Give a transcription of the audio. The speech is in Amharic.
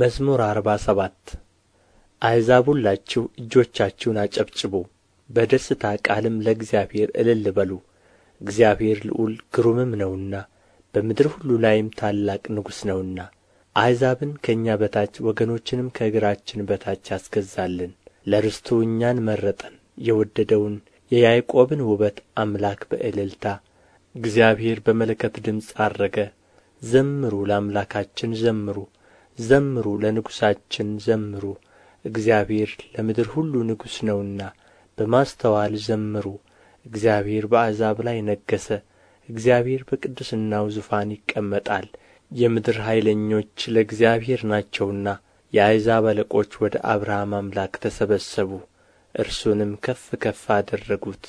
መዝሙር አርባ ሰባት አሕዛብ ሁላችሁ እጆቻችሁን አጨብጭቡ፣ በደስታ ቃልም ለእግዚአብሔር እልል በሉ። እግዚአብሔር ልዑል ግሩምም ነውና በምድር ሁሉ ላይም ታላቅ ንጉሥ ነውና። አሕዛብን ከእኛ በታች ወገኖችንም ከእግራችን በታች አስገዛልን። ለርስቱ እኛን መረጠን፣ የወደደውን የያዕቆብን ውበት አምላክ በእልልታ እግዚአብሔር በመለከት ድምፅ አረገ። ዘምሩ፣ ለአምላካችን ዘምሩ ዘምሩ ለንጉሣችን ዘምሩ እግዚአብሔር ለምድር ሁሉ ንጉሥ ነውና በማስተዋል ዘምሩ እግዚአብሔር በአሕዛብ ላይ ነገሠ እግዚአብሔር በቅድስናው ዙፋን ይቀመጣል የምድር ኃይለኞች ለእግዚአብሔር ናቸውና የአሕዛብ አለቆች ወደ አብርሃም አምላክ ተሰበሰቡ እርሱንም ከፍ ከፍ አደረጉት